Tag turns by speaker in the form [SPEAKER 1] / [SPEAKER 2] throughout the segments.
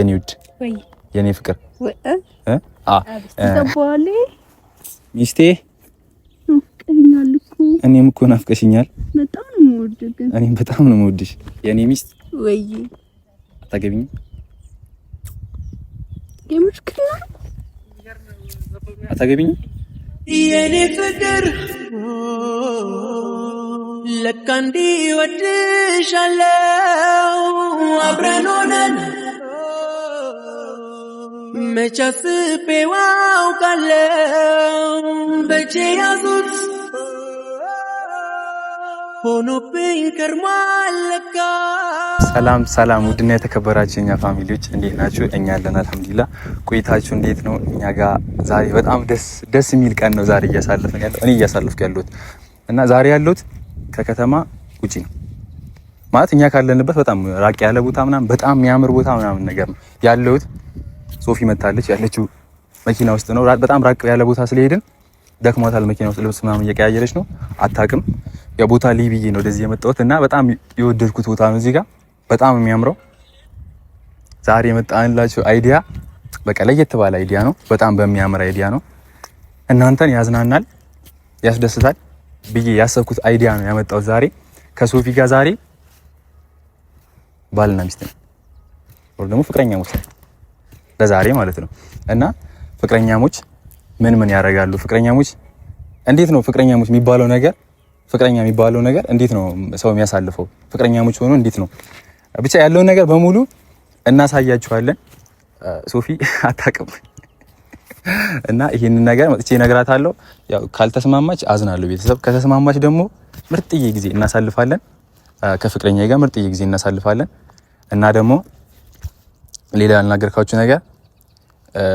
[SPEAKER 1] የኔ ውድ የኔ ፍቅር ሚስቴ እኔም እኮ ናፍቀሽኛል።
[SPEAKER 2] በጣም ነው የምወድሽ፣
[SPEAKER 1] እኔም በጣም ነው የምወድሽ የኔ ሚስት።
[SPEAKER 2] ወይ የኔ
[SPEAKER 1] ፍቅር ለካ አብረን ሆነን መቻስቤዋ አውቃለው በእጄ ያዙት ሆኖብኝ ከርሟል ሰላም ሰላም! ውድና የተከበራችሁ የኛ ፋሚሊዎች እንዴት ናችሁ? እኛ ያለን አልሐምዱሊላ። ቆይታችሁ እንዴት ነው? እኛ ጋር ዛሬ በጣም ደስ የሚል ቀን ነው። ዛሬ እያሳለፍን ያለው እኔ እያሳለፍኩ ያለሁት እና ዛሬ ያለሁት ከከተማ ውጪ ነው ማለት እኛ ካለንበት በጣም ራቅ ያለ ቦታ ምናምን በጣም የሚያምር ቦታ ምናምን ነገር ነው ያለሁት ሶፊ መታለች። ያለችው መኪና ውስጥ ነው። በጣም ራቅ ያለ ቦታ ስለሄድን ደክሟታል። መኪና ውስጥ ልብስ ምናምን እየቀያየረች ነው። አታውቅም። የቦታ ልይ ብዬ ነው ወደዚህ የመጣሁት እና በጣም የወደድኩት ቦታ ነው። እዚህ ጋር በጣም የሚያምረው ዛሬ የመጣንላችሁ አይዲያ በቃ ለየት ባለ አይዲያ ነው። በጣም በሚያምር አይዲያ ነው። እናንተን ያዝናናል፣ ያስደስታል ብዬ ያሰብኩት አይዲያ ነው ያመጣሁት ዛሬ ከሶፊ ጋር ዛሬ ባልና ሚስት ነው ደግሞ ፍቅረኛ ሙስት ለዛሬ ማለት ነው። እና ፍቅረኛሞች ምን ምን ያደርጋሉ? ፍቅረኛሞች እንዴት ነው ፍቅረኛሞች የሚባለው ነገር ፍቅረኛ የሚባለው ነገር እንዴት ነው ሰው የሚያሳልፈው? ፍቅረኛሞች ሆኖ እንዴት ነው ብቻ ያለውን ነገር በሙሉ እናሳያችኋለን። ሶፊ አታውቅም እና ይህንን ነገር መጥቼ እነግራታለሁ። ያው ካልተስማማች አዝናለሁ ቤተሰብ፣ ከተስማማች ደግሞ ምርጥዬ ጊዜ እናሳልፋለን ከፍቅረኛ ጋር ምርጥዬ ጊዜ እናሳልፋለን እና ደግሞ ሌላ ያልናገርካችሁ ነገር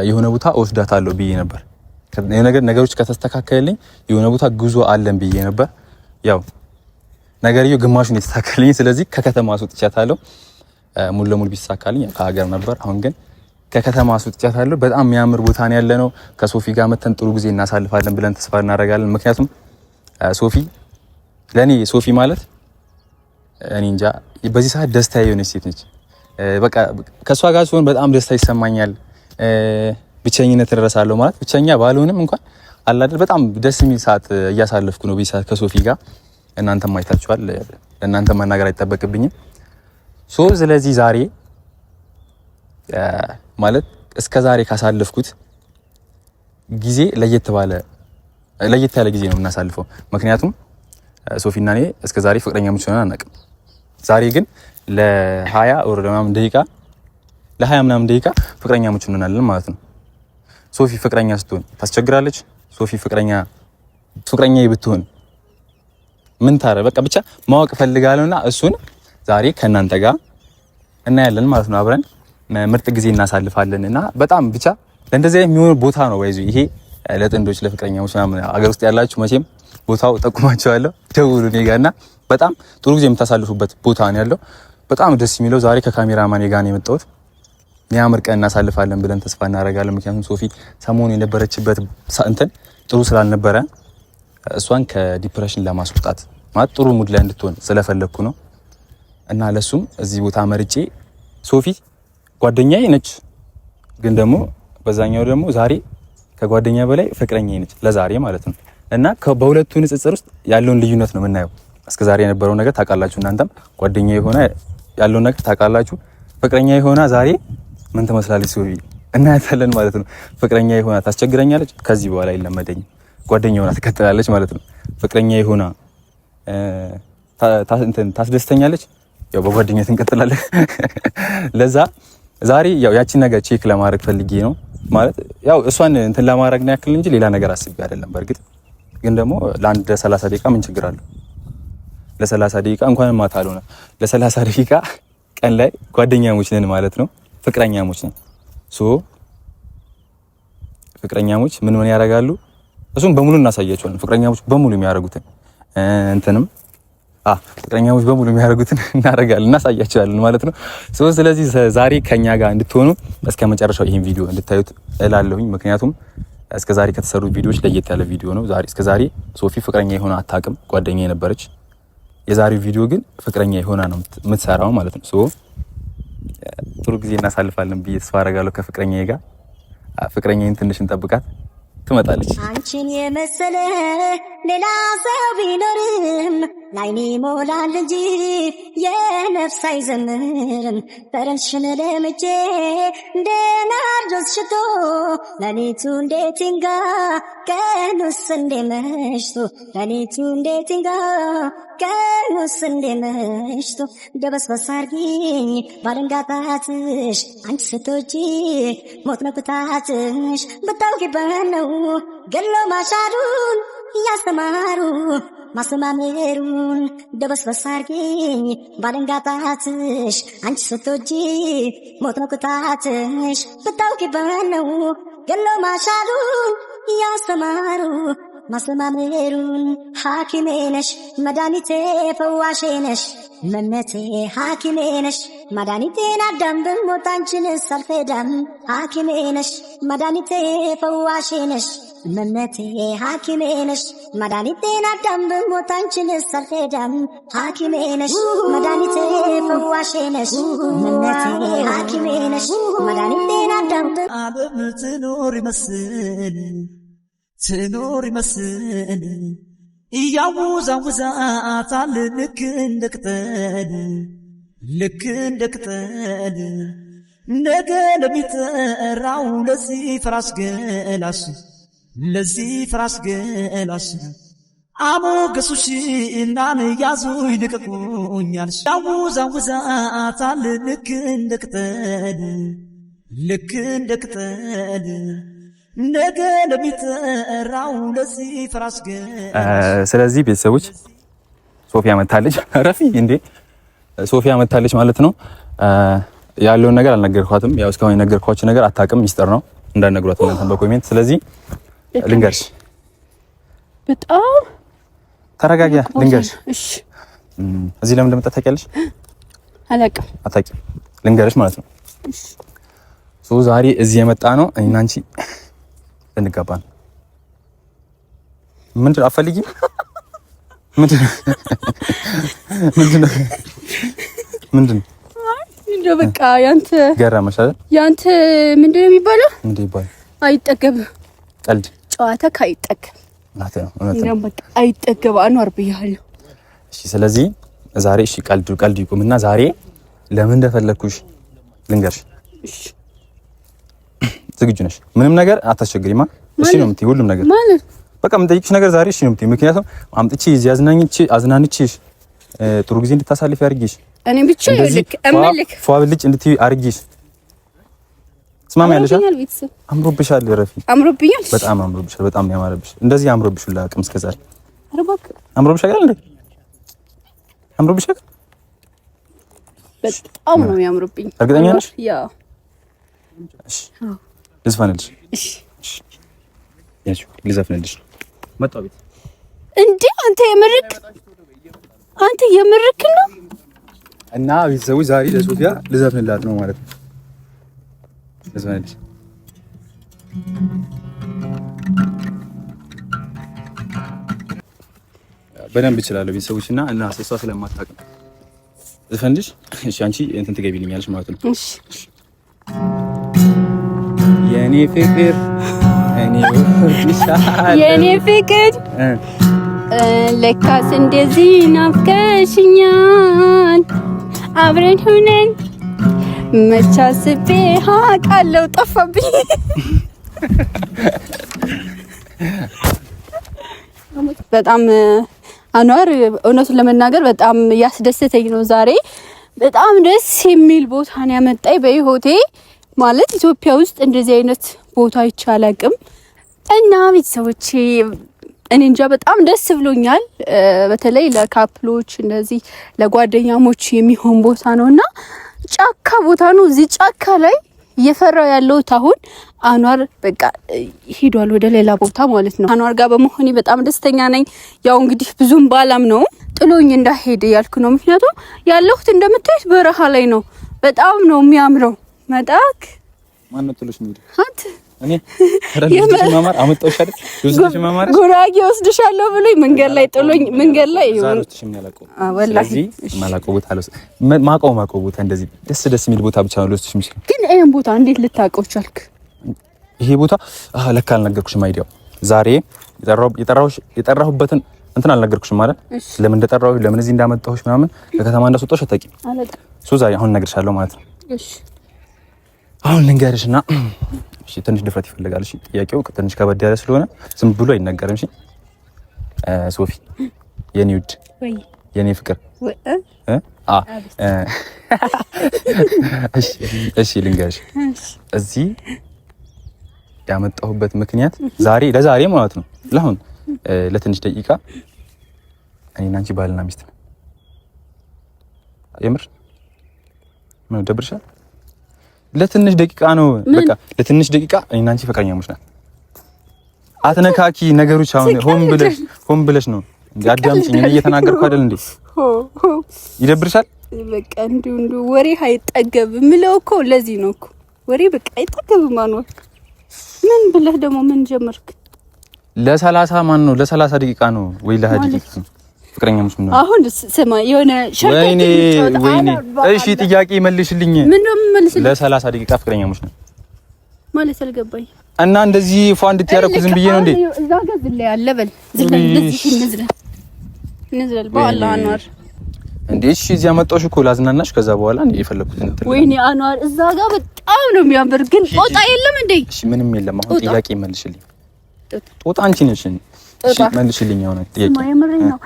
[SPEAKER 1] የሆነ ቦታ እወስዳታለሁ ብዬ ነበር። ነገር ነገሮች ከተስተካከለልኝ የሆነ ቦታ ጉዞ አለን ብዬ ነበር። ያው ነገርየው ግማሹን የተሳካልኝ፣ ስለዚህ ከከተማ አስወጥቻታለሁ። ሙሉ ለሙሉ ቢሳካልኝ ከሀገር ነበር። አሁን ግን ከከተማ አስወጥቻታለሁ። በጣም የሚያምር ቦታ ነው ያለ ነው። ከሶፊ ጋር መተን ጥሩ ጊዜ እናሳልፋለን ብለን ተስፋ እናደርጋለን። ምክንያቱም ሶፊ ለእኔ ሶፊ ማለት እኔ እንጃ በዚህ ሰዓት ደስታ የሆነች ሴት ነች። በቃ ከእሷ ጋር ሲሆን በጣም ደስታ ይሰማኛል። ብቸኝነት እረሳለሁ ማለት ብቸኛ ባልሆንም እንኳን አላደል በጣም ደስ የሚል ሰዓት እያሳለፍኩ ነው ከሶፊ ጋር እናንተም ማይታችኋል። ለእናንተ መናገር አይጠበቅብኝም። ሶ ስለዚህ ዛሬ ማለት እስከ ዛሬ ካሳለፍኩት ጊዜ ለየት ባለ ለየት ያለ ጊዜ ነው የምናሳልፈው። ምክንያቱም ሶፊና እኔ እስከ ዛሬ ፍቅረኛሞች ሆነን አናውቅም። ዛሬ ግን ለሀያ ወር ምናምን ደቂቃ ለሀያ ምናምን ደቂቃ ፍቅረኛሞች እንሆናለን ማለት ነው። ሶፊ ፍቅረኛ ስትሆን ታስቸግራለች። ሶፊ ፍቅረኛ ፍቅረኛ ብትሆን ምን ታረ በቃ ብቻ ማወቅ ፈልጋለሁና እሱን ዛሬ ከእናንተ ጋር እናያለን ማለት ነው። አብረን ምርጥ ጊዜ እናሳልፋለን እና በጣም ብቻ ለእንደዚህ የሚሆን ቦታ ነው ወይዚ ይሄ ለጥንዶች ለፍቅረኛ ምናምን አገር ውስጥ ያላችሁ መቼም ቦታው ጠቁማቸዋለሁ። ደውሉ እኔ ጋር እና በጣም ጥሩ ጊዜ የምታሳልፉበት ቦታ ነው ያለው። በጣም ደስ የሚለው ዛሬ ከካሜራማን ጋር ነው የመጣሁት። የሚያምር ቀን እናሳልፋለን ብለን ተስፋ እናደርጋለን። ምክንያቱም ሶፊ ሰሞኑ የነበረችበት እንትን ጥሩ ስላልነበረ እሷን ከዲፕሬሽን ለማስወጣት ማለት ጥሩ ሙድ ላይ እንድትሆን ስለፈለግኩ ነው እና ለሱም እዚህ ቦታ መርጬ ሶፊ ጓደኛዬ ነች፣ ግን ደግሞ በዛኛው ደግሞ ዛሬ ከጓደኛ በላይ ፍቅረኛ ነች ለዛሬ ማለት ነው እና በሁለቱ ንጽጽር ውስጥ ያለውን ልዩነት ነው የምናየው። እስከ ዛሬ የነበረው ነገር ታውቃላችሁ። እናንተም ጓደኛ የሆነ ያለውን ነገር ታውቃላችሁ። ፍቅረኛ የሆነ ዛሬ ምን ትመስላለች ሱቢ እናያታለን ማለት ነው። ፍቅረኛ የሆነ ታስቸግረኛለች፣ ከዚህ በኋላ ይለመደኝ ጓደኛ ሆና ትቀጥላለች ማለት ነው። ፍቅረኛ የሆነ ታስደስተኛለች፣ ያው በጓደኛ ትንቀጥላለች። ለዛ ዛሬ ያው ያቺን ነገር ቼክ ለማድረግ ፈልጌ ነው ማለት ያው እሷን እንትን ለማድረግ ነው ያክል እንጂ ሌላ ነገር አስቤ አይደለም። በእርግጥ ግን ደግሞ ለአንድ ሰላሳ ደቂቃ ምን ችግር አለው? ለሰላሳ ደቂቃ እንኳን ማታ አልሆነ ለሰላሳ ደቂቃ ቀን ላይ ጓደኛሞች ነን ማለት ነው። ፍቅረኛሞች ነን። ሶ ፍቅረኛሞች ምን ምን ያደርጋሉ? እሱም በሙሉ እናሳያቸዋለን። ፍቅረኛሞች በሙሉ የሚያደርጉትን እንትንም አ ፍቅረኛሞች በሙሉ የሚያደርጉትን እናደርጋለን እናሳያቸዋለን ማለት ነው። ሶ ስለዚህ ዛሬ ከኛ ጋር እንድትሆኑ እስከ መጨረሻው ይህን ቪዲዮ እንድታዩት እላለሁኝ። ምክንያቱም እስከ ዛሬ ከተሰሩት ቪዲዮዎች ለየት ያለ ቪዲዮ ነው። ዛሬ እስከ ዛሬ ሶፊ ፍቅረኛ የሆነ አታውቅም፣ ጓደኛ የነበረች የዛሬው ቪዲዮ ግን ፍቅረኛ የሆና ነው የምትሰራው ማለት ነው። ሶ ጥሩ ጊዜ እናሳልፋለን ብዬ ተስፋ አረጋለሁ ከፍቅረኛ ጋር። ፍቅረኛዬን ትንሽ እንጠብቃት፣ ትመጣለች። አንቺን የመሰለ ሌላ ሰው ቢኖር ላይኔ ሞላል እንጂ የነፍስ አይዘምርም። በረንሽን ለምጄ እንደ ናርዶስ ሽቶ ለሊቱ እንዴት ንጋ ቀኑስ እንዴ መሽቶ ለሊቱ እንዴት ንጋ ቀኑስ እንዴ መሽቶ ደበስበስ አርጊኝ ባለንጋ አንቺ ስቶጂ ሞት ነው ብታትሽ ብታውቂበት ገሎ ማሻዱን እያስተማሩ ማስተማመሩን ደበስበስ አርጊኝ ባለንጋጣትሽ አንቺ ስትወጂ ሞት ነው ቅጣትሽ ብታውቂ በነው ገሎ ማሻሉን እያስተማሩ ማስተማመሩን ሐኪሜ ነሽ መድኃኒቴ ፈዋሼ ነሽ መመቴ ሐኪሜ ነሽ መድኃኒቴን አዳምብም ሞታንችን ሳልፈዳም ሐኪሜ ነሽ መድኃኒቴ ፈዋሼ ነሽ መመቴ ሐኪሜ ነሽ መድኃኒቴን አዳምብም ሞታንችን ሳልፈዳም ሐኪሜ ነሽ መድኃኒቴ ፈዋሼ ነሽ መመቴ ሐኪሜ ነሽ መድኃኒቴን አዳምብም አብብ ትኖር ይመስል ትኖር ይመስል እያወዛውዛታል ልክ እንደ ቅጠል ልክ እንደ ቅጠል ነገ ለሚጠራው ለዚህ ፍራስ ገላስ ለዚህ ፍራስ ገላስ አሞገሱሽ እናን ያዙ ይልቀቁኛል ያወዛውዛታል ልክ እንደ ቅጠል ልክ እንደ ቅጠል ነገ ለሚጠራው ፍራስ ገ ስለዚህ ቤተሰቦች ሶፊያ መታለች። ረፊ እንዴ ሶፊያ መታለች ማለት ነው። ያለውን ነገር አልነገርኳትም። ያው እስካሁን የነገርኳችሁ ነገር አታውቅም፣ ሚስጥር ነው እንዳነግሯት እናንተን በኮሜንት። ስለዚህ ልንገርሽ፣ በጣም ተረጋጊ። ልንገርሽ፣ እሺ። እዚህ ለምን እንደመጣ ታውቂያለሽ? አላውቅም፣ አታውቂም። ልንገርሽ ማለት ነው። እሺ ዛሬ እዚህ የመጣ ነው እናንቺ ልንጋባ ምንድን አፈልጊም ምንድን
[SPEAKER 2] በቃ ያንተ ገረመሽ አይደል? ያንተ ምንድን ነው የሚባለው? ምንድን ይባላል? አይጠገብም። ቀልድ ጨዋታ ካይጠገብ አይጠገብ። አኗር ብያለሁ።
[SPEAKER 1] እሺ፣ ስለዚህ ዛሬ እሺ፣ ቀልዱ ይቁምና ዛሬ ለምን እንደፈለግኩሽ ልንገርሽ። እሺ ዝግጁ ነሽ? ምንም ነገር አታስቸግሪማ። እሺ ነው የምትይው? ሁሉም ነገር ማለት በቃ የምጠይቅሽ ነገር ዛሬ እሺ ነው የምትይው? ምክንያቱም አምጥቼ እዚህ አዝናኝቼ አዝናንቼሽ ጥሩ ጊዜ እንድታሳልፊ አድርጌሽ
[SPEAKER 2] እኔ ብቻ ይልክ እምልክ
[SPEAKER 1] ፏብልጭ እንድትይ አድርጌሽ ስማማ ያለሽ አምሮብሻል። ረፊ አምሮብኛል፣ በጣም አምሮብሻል። በጣም ነው ያማረብሽ። እንደዚህ አምሮብሽ ሁላ አቅም እስከ አምሮብሻል አይደል? አምሮብሻል።
[SPEAKER 2] በጣም ነው የሚያምሩብኝ። እርግጠኛ ነሽ? ያው
[SPEAKER 1] እሺ ልዝፈንልሽ ልዘፍንልሽ መጣሁ ቤት
[SPEAKER 2] እንዴ አንተ የምርክ አንተ የምርክ ነው
[SPEAKER 1] እና ቤተሰቦች ዛሬ ለሶፊያ ልዘፍንላት ነው ማለት ነው ልዘፍንልሽ በደንብ እችላለሁ ቤተሰቦች እና እና ስለማታውቅ ነው ልዘፍንልሽ እሺ አንቺ እንትን ትገቢልኛለሽ ማለት ነው እሺ የኔ ፍቅር
[SPEAKER 2] የኔ ፍቅር ለካስ እንደዚህ ናፍቀሽኛል አብረን ሁነን መቻስቤ ሀቃለው ጠፋብኝ። በጣም አኗር እውነቱን ለመናገር በጣም ያስደሰተኝ ነው። ዛሬ በጣም ደስ የሚል ቦታ ነው ያመጣኝ በይሆቴ ማለት ኢትዮጵያ ውስጥ እንደዚህ አይነት ቦታ አይቻላቅም እና ቤተሰቦቼ እኔ እንጃ በጣም ደስ ብሎኛል። በተለይ ለካፕሎች እንደዚህ ለጓደኛሞች የሚሆን ቦታ ነው እና ጫካ ቦታ ነው። እዚህ ጫካ ላይ እየፈራው ያለሁት አሁን አኗር በቃ ሄዷል ወደ ሌላ ቦታ ማለት ነው። አኗር ጋር በመሆኔ በጣም ደስተኛ ነኝ። ያው እንግዲህ ብዙም ባላም ነው ጥሎኝ እንዳሄድ ያልኩ ነው። ምክንያቱም ያለሁት እንደምታዩት በረሃ ላይ ነው። በጣም ነው የሚያምረው መጣክ
[SPEAKER 1] ማነው ትሉሽ እንግዲህ አንተ እኔ
[SPEAKER 2] ጉራጌ ወስድሻለሁ ብሎኝ መንገድ ላይ ጥሎኝ መንገድ ላይ
[SPEAKER 1] ማቀው ማቀው ቦታ እንደዚህ ደስ ደስ የሚል ቦታ ብቻ ነው።
[SPEAKER 2] ግን ይሄን ቦታ እንዴት ልታውቀው ቻልክ?
[SPEAKER 1] ይሄ ቦታ ለካ አልነገርኩሽም። አይዲያው ዛሬ የጠራሁበትን እንትን አልነገርኩሽም ማለት ለምን እንደጠራሁሽ ለምን እዚህ እንዳመጣሁሽ ምናምን ለከተማ እንዳስወጣሁሽ አታውቂም። ሶ ዛሬ አሁን እነግርሻለሁ ማለት ነው። አሁን ልንገርሽ እና ትንሽ ድፍረት ይፈልጋል። እሺ ጥያቄው ትንሽ ከበድ ያለ ስለሆነ ዝም ብሎ አይነገርም። እሺ ሶፊ፣ የኔ ውድ፣ የኔ ፍቅር፣ እሺ ልንገርሽ እዚህ ያመጣሁበት ምክንያት ዛሬ ለዛሬ ማለት ነው ለአሁን ለትንሽ ደቂቃ እኔና አንቺ ባልና ሚስት ነው። የምር ምን ደብርሻል? ለትንሽ ደቂቃ ነው በቃ ለትንሽ ደቂቃ እኔና አንቺ ፍቅረኛሞች ናት። አትነካኪ ነገሮች። አሁን ሆን ብለሽ ሆን ብለሽ ነው እንዴ? አዳምጪኝ፣ እኔ እየተናገርኩ አይደል እንዴ? ይደብርሻል።
[SPEAKER 2] በቃ እንዲሁ እንዲሁ ወሬ አይጠገብም ምለው እኮ ለዚህ ነው እኮ ወሬ በቃ አይጠገብ። ማንወል ምን ብለህ ደግሞ ምን ጀመርክ?
[SPEAKER 1] ለሰላሳ ማን ነው ለሰላሳ ደቂቃ ነው ወይ ለሃያ ደቂቃ ነው ፍቅረኛሞች ምን
[SPEAKER 2] ነው አሁን? ስማ የሆነ
[SPEAKER 1] ሸርተት እሺ፣ ጥያቄ መልሽልኝ።
[SPEAKER 2] ምን ነው የምመልስልኝ?
[SPEAKER 1] ለሰላሳ ደቂቃ ፍቅረኛ ፍቅረኛሞች ነው
[SPEAKER 2] ማለት አልገባኝ።
[SPEAKER 1] እና እንደዚህ ፏ እንድትያረኩ ዝም ብዬ ነው እንዴ?
[SPEAKER 2] እዛ ጋር ዝለ ያለ በል ዝም ላይ እንደዚህ እንዝለል እንዝለል። በአላህ አንዋር
[SPEAKER 1] እንዴ! እሺ፣ እዚያ መጣሁሽ እኮ ላዝናናሽ፣ ከዛ በኋላ እኔ የፈለኩትን
[SPEAKER 2] እንትን። ወይኔ አንዋር፣ እዛ ጋር በጣም ነው የሚያምር፣ ግን ጦጣ የለም እንዴ?
[SPEAKER 1] እሺ፣ ምንም የለም። አሁን ጥያቄ መልሽልኝ። ጦጣ አንቺ ነሽ እንዴ? መልሽልኝ የሆነ
[SPEAKER 2] ጥያቄ ነው።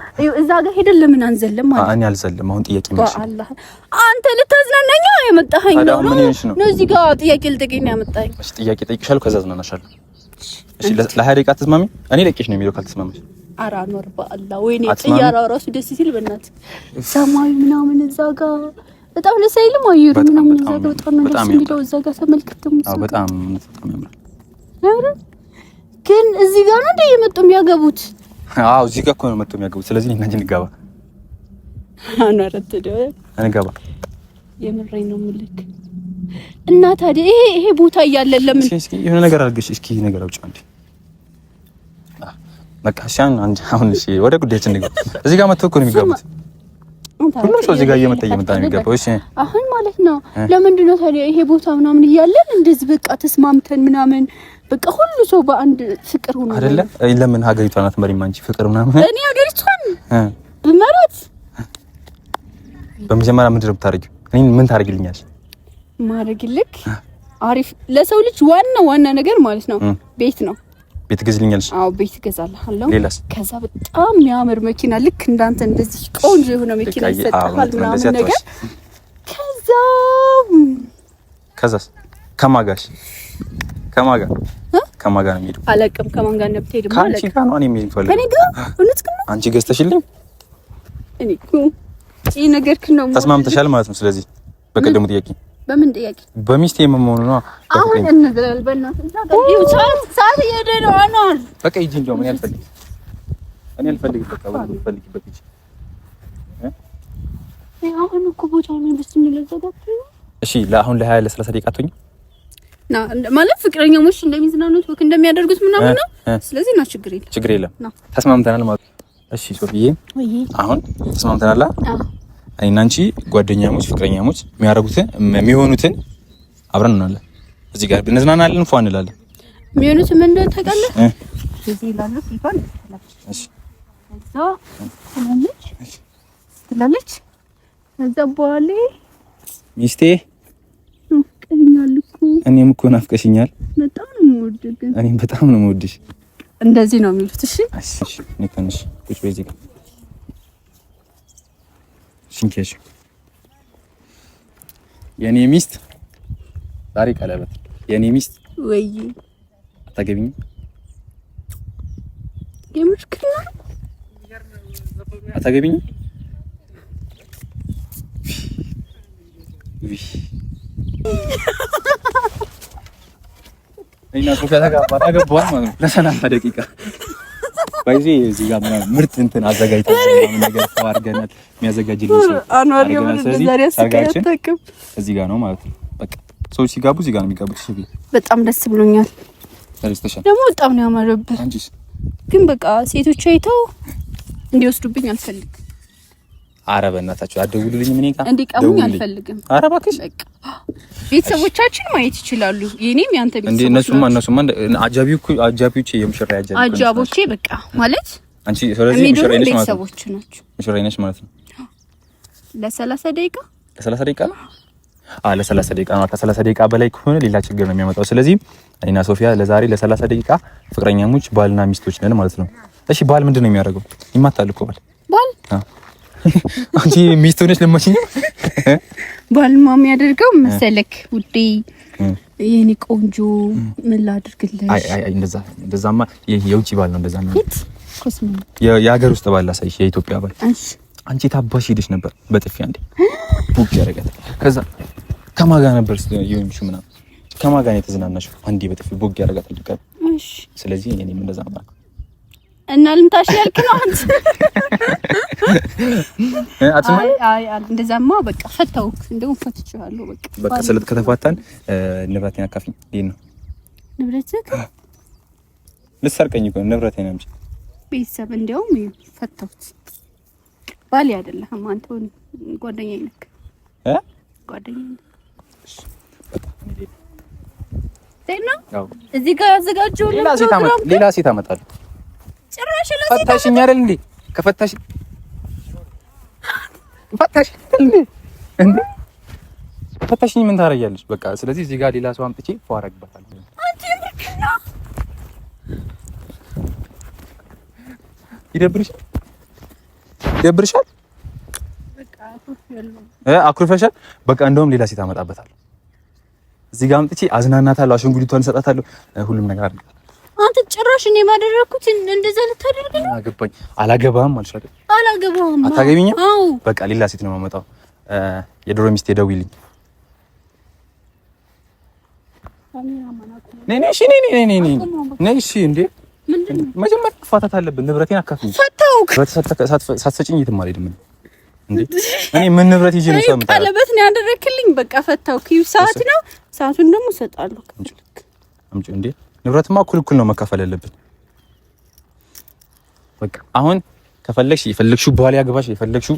[SPEAKER 2] እዛ ጋር ሄደን ለምን አንዘልም?
[SPEAKER 1] ማለት እኔ አልዘልም። አሁን ጥያቄ
[SPEAKER 2] መልሽልኝ። አንተ ልታዝናናኝ የመጣኸኝ ነው ነው እዚህ ጋር ጥያቄ ልጠይቅኝ ነው ያመጣኸኝ።
[SPEAKER 1] እሺ ጥያቄ ጠይቅሻለሁ፣ ከዛ አዝናናሻለሁ። እሺ ለሀያ ደቂቃ አትስማሚ? እኔ ለቄሽ ነው የሚለው ካልተስማማሽ
[SPEAKER 2] ኧረ አኖር በአላህ ወይኔ፣ ጥያራው ራሱ ደስ ሲል በእናትህ ሰማዩ ምናምን እዛ ጋር በጣም ደስ አይልም? አየሩ ምናምን እዛ ጋር በጣም ነው ደስ የሚለው። እዛ ጋር ተመልክተው በጣም በጣም ያምራል ግን እዚህ ጋር ነው እንደ የመጡ የሚያገቡት።
[SPEAKER 1] አዎ እዚህ ጋር እኮ ነው የመጡ የሚያገቡት። ስለዚህ እኛ እንጋባ እንጋባ።
[SPEAKER 2] የምሬን ነው የምልክ። እና ታዲያ ይሄ ይሄ ቦታ እያለ ለምን
[SPEAKER 1] የሆነ ነገር አድርገሽ እስኪ ነገር አውጪ አንዴ በቃ ሻን አንድ አሁን እሺ፣ ወደ ጉዳያችን እንግባ። እዚህ ጋር መጥቶ እኮ ነው የሚገቡት። ሁሉም ሰው እዚህ ጋር እየመጣ እየመጣ ነው የሚገባው። እሺ
[SPEAKER 2] አሁን ማለት ነው። ለምንድን ነው ታዲያ ይሄ ቦታ ምናምን እያለን እንደዚህ በቃ ተስማምተን ምናምን በቃ ሁሉ ሰው በአንድ ፍቅር
[SPEAKER 1] ሆኖ አይደለ? ለምን ሀገሪቷ ናት መሪ ማንቺ ፍቅር ምናምን
[SPEAKER 2] እኔ ሀገሪቷን ብመራት
[SPEAKER 1] በመጀመሪያ ምንድን ነው ብታረጊው? እኔ ምን ታረጊልኛል?
[SPEAKER 2] ማረግልክ አሪፍ ለሰው ልጅ ዋና ዋና ነገር ማለት ነው ቤት ነው። ቤት ገዝልኛልሽ? አዎ ቤት
[SPEAKER 1] ገዛልሃለሁ። ሌላስ?
[SPEAKER 2] ከዛ በጣም የሚያምር መኪና ልክ እንዳንተ እንደዚህ ቆንጆ የሆነ መኪና ይሰጣል ምናምን ነገር ከዛ
[SPEAKER 1] ከዛስ ከማጋሽ ከማን ጋር ከማን ጋር ነው የሚሄደው?
[SPEAKER 2] አላውቅም። ከማን ጋር ነው የምትሄደው?
[SPEAKER 1] ከአንቺ ጋር ነው እኔ የሚሄድ
[SPEAKER 2] ፈልግ። ከኔ ጋር እውነት ግን
[SPEAKER 1] አንቺ ገዝተሽልኝ
[SPEAKER 2] እኔ ይሄ ነገር
[SPEAKER 1] ክን ነው ተስማምተሻል ማለት ነው። ስለዚህ በቀደሙ ጥያቄ በምን ጥያቄ በሚስቴ የምመሆኑ ነው።
[SPEAKER 2] አሁን እንበል በእናትህ ሰዓት ሰዓት እየሄደ ነው። አኗል
[SPEAKER 1] በቃ ሂጂ። እንደውም እኔ አልፈልግም፣ እኔ አልፈልግም። በቃ ወደ ፈልግበት ሂጂ።
[SPEAKER 2] አሁን እኮ ቦታውን ነው ደስ የሚለው።
[SPEAKER 1] እሺ ለአሁን ለሀያ ለሰላሳ ደቂቃ አትሆኝም
[SPEAKER 2] ማለት ፍቅረኛሞች እንደሚዝናኑት ወክ እንደሚያደርጉት ምናምን ነው። ስለዚህ ና ችግር
[SPEAKER 1] የለም ችግር የለም ተስማምተናል ማለት እሺ። ሶፊዬ አሁን ተስማምተናል። እኔና አንቺ ጓደኛሞች ፍቅረኛሞች የሚያደርጉትን የሚሆኑትን አብረን እንሆናለን። እዚህ ጋር እንዝናናለን፣ ፏ እንላለን።
[SPEAKER 2] የሚሆኑት ምን እንደሆነ ታውቃለህ?
[SPEAKER 1] እዚህ ላለ ሲፋን እሺ
[SPEAKER 2] ትላለች። ከዛ በኋላ ሚስቴ ናፍቀኸኛል እኮ።
[SPEAKER 1] እኔም እኮ ናፍቀሽኛል።
[SPEAKER 2] በጣም ነው የምወድህ።
[SPEAKER 1] እኔም በጣም ነው የምወድሽ።
[SPEAKER 2] እንደዚህ ነው የሚሉት። እሺ
[SPEAKER 1] እሺ። ንከንሽ ቁጭ በይ እዚህ ጋር ሽንኬሽ የኔ ሚስት ዛሬ ቀለበት የኔ ሚስት ወይ አታገቢኝ? የምሽክና አታገቢኝ? እና እኮ ከተጋባ ተገባን ማለት ነው። ለሰላሳ ደቂቃ ባይዚ እዚህ ጋር ምናምን ምርጥ እንትን አዘጋጅተን ነገር ሰው አድርገናል። የሚያዘጋጅልን እዚህ ጋር ነው ማለት ነው። በቃ ሰዎች ሲጋቡ እዚህ ጋር ነው የሚጋቡት።
[SPEAKER 2] በጣም ደስ ብሎኛል። ደግሞ በጣም ነው ያማረብህ። ግን በቃ ሴቶች አይተው እንዲወስዱብኝ አልፈልግም።
[SPEAKER 1] አረ በእናታችሁ አደውሉልኝ። ምን
[SPEAKER 2] ጋር እንዲቀሙኝ አልፈልግም። አረ እባክሽ ቤተሰቦቻችን ማየት ይችላሉ። የኔም ያንተ
[SPEAKER 1] ቤተሰቦች እነሱማ እነሱማ አጃቢው አጃቢዎቼ የምሽራ
[SPEAKER 2] ያጃቢ አጃቦቼ በቃ ማለት
[SPEAKER 1] አንቺ ስለዚህ ምሽራ አይነሽ ማለት ነው። ምሽራ አይነሽ ማለት ነው።
[SPEAKER 2] ለሰላሳ ደቂቃ
[SPEAKER 1] ለሰላሳ ደቂቃ ነው። አዎ ለሰላሳ ደቂቃ ነው። ከሰላሳ ደቂቃ በላይ ከሆነ ሌላ ችግር ነው የሚያመጣው። ስለዚህ እኔና ሶፊያ ለዛሬ ለሰላሳ ደቂቃ ፍቅረኛሞች ባልና ሚስቶች ነን ማለት ነው። እሺ ባል ምንድን ነው የሚያደርገው? ይማታል እኮ ባል ባል አንቺ ሚስት ሆነሽ ለማሽ
[SPEAKER 2] ባልማ የሚያደርገው መሰለክ ውዴ፣ የኔ ቆንጆ ምን ላድርግልሽ?
[SPEAKER 1] አይ አይ እንደዛ እንደዛማ የውጭ ባል ነው። እንደዛ ነው የሀገር ውስጥ ባል ላሳይሽ፣ የኢትዮጵያ ባል። አንቺ ታባሽ ሄደሽ ነበር በጥፊ አንዴ ቡክ ያደረጋት። ከዛ ከማጋ ነበር የሆንሽ ምናምን ከማጋ ነው የተዝናናሽ። አንዴ በጥፊ ቡቅ ያደረጋት። ስለዚህ እኔም እንደዛ ነው
[SPEAKER 2] እና ልምታሽ ያልክ ነው አንተ። አይ እንደዛማ በቃ ፈታውክ፣ እንደው ፈትቼዋለሁ።
[SPEAKER 1] በቃ በቃ ስለት ከተፋታን ንብረቴን አካፍኝ። ይሄን ነው ንብረትህ። ልትሰርቀኝ እኮ ንብረቴን አምጪ።
[SPEAKER 2] ቤተሰብ እንደውም ፈታሁት። ባል አይደለህም አንተ፣ ጓደኛ ነህ እ ጓደኛ ጓደኛዬ ነህ። እዚህ ጋር አዘጋጀሁልህ
[SPEAKER 1] ሌላ ሴት አመጣለሁ ፈታሽኝ አይደል እንዴ? ከፈታሽ ፈታሽ እንዴ ፈታሽኝ ምን ታረጊያለሽ? በቃ ስለዚህ እዚህ ጋር ሌላ ሰው አምጥቼ ፏ ይደብርሻል፣ አኩርፈሻል። በቃ እንደውም ሌላ ሴት አመጣበታለሁ። እዚህ ጋር አምጥቼ አዝናናታለሁ፣ አሽንጉሊቷን እሰጣታለሁ፣ ሁሉም ነገር አድርጋታለሁ።
[SPEAKER 2] አንተ ጭራሽ እኔ ማደረኩት እንደዛ ልታደርግ
[SPEAKER 1] ነው? አገባኝ አላገባም አልሽ አይደል?
[SPEAKER 2] አላገባም። አታገቢኝም? አዎ።
[SPEAKER 1] በቃ ሌላ ሴት ነው የማመጣው። የድሮ ሚስቴ ደውይልኝ። ነይ ነይ፣ እሺ፣ ነይ ነይ ነይ ነይ። እሺ፣ እንዴ መጀመሪያ መፋታት አለብን። ንብረቴን አካፍኝ። ፈታውክ ሳትሰጪኝ የትም አልሄድም። እኔ ምን ንብረት ይዤ
[SPEAKER 2] ነው ሰምታ ቀለበት ነው ያደረክልኝ። በቃ ፈታው። ኪዩ ሰዓት ነው፣ ሰዓቱን ደግሞ እሰጣለሁ።
[SPEAKER 1] አምጪው እንዴ ንብረትማ እኩል እኩል ነው መካፈል ያለብን። በቃ አሁን ከፈለግሽ የፈለግሽው በኋላ ያግባሽ የፈለግሽው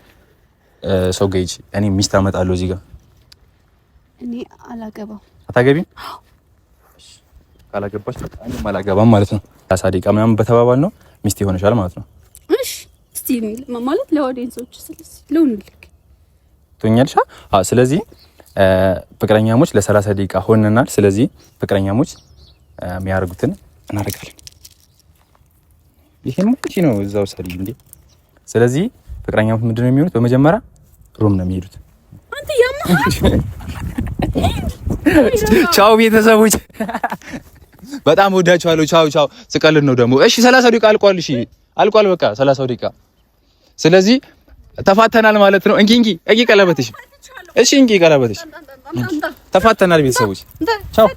[SPEAKER 1] ሰው ገይጂ። እኔ ሚስት አመጣለሁ እዚህ ጋር።
[SPEAKER 2] እኔ አላገባም።
[SPEAKER 1] አታገቢም? ካላገባሽ እኔም አላገባም ማለት ነው። ሳዲቃ ምናምን በተባባል ነው ሚስት ይሆንሻል ማለት ነው።
[SPEAKER 2] እሺ እስቲ የሚል ማለት ለኦዲየንሶች ስለዚህ ለሁንልክ
[SPEAKER 1] ትሆኛለሽ። ስለዚህ ፍቅረኛሞች ለሰላሳ ደቂቃ ሆነናል። ስለዚህ ፍቅረኛሞች የሚያደርጉትን እናደርጋለን። ይሄን ሙጭ ነው እዛው ሰሪ እንዴ። ስለዚህ ፍቅረኛሞች ምንድን ነው የሚሆኑት? በመጀመሪያ ሩም ነው የሚሄዱት። ቻው ቤተሰቦች፣ በጣም ወዳችኋለሁ። ቻው ቻው። ስቀልድ ነው ደግሞ። እሺ፣ ሰላሳ ደቂቃ አልቋል። እሺ፣ አልቋል። በቃ ሰላሳ ደቂቃ። ስለዚህ ተፋተናል ማለት ነው። እንኪ እንኪ፣ እንኪ ቀለበትሽ። እሺ፣ እንኪ ቀለበትሽ። ተፋተናል ቤተሰቦች፣ ቻው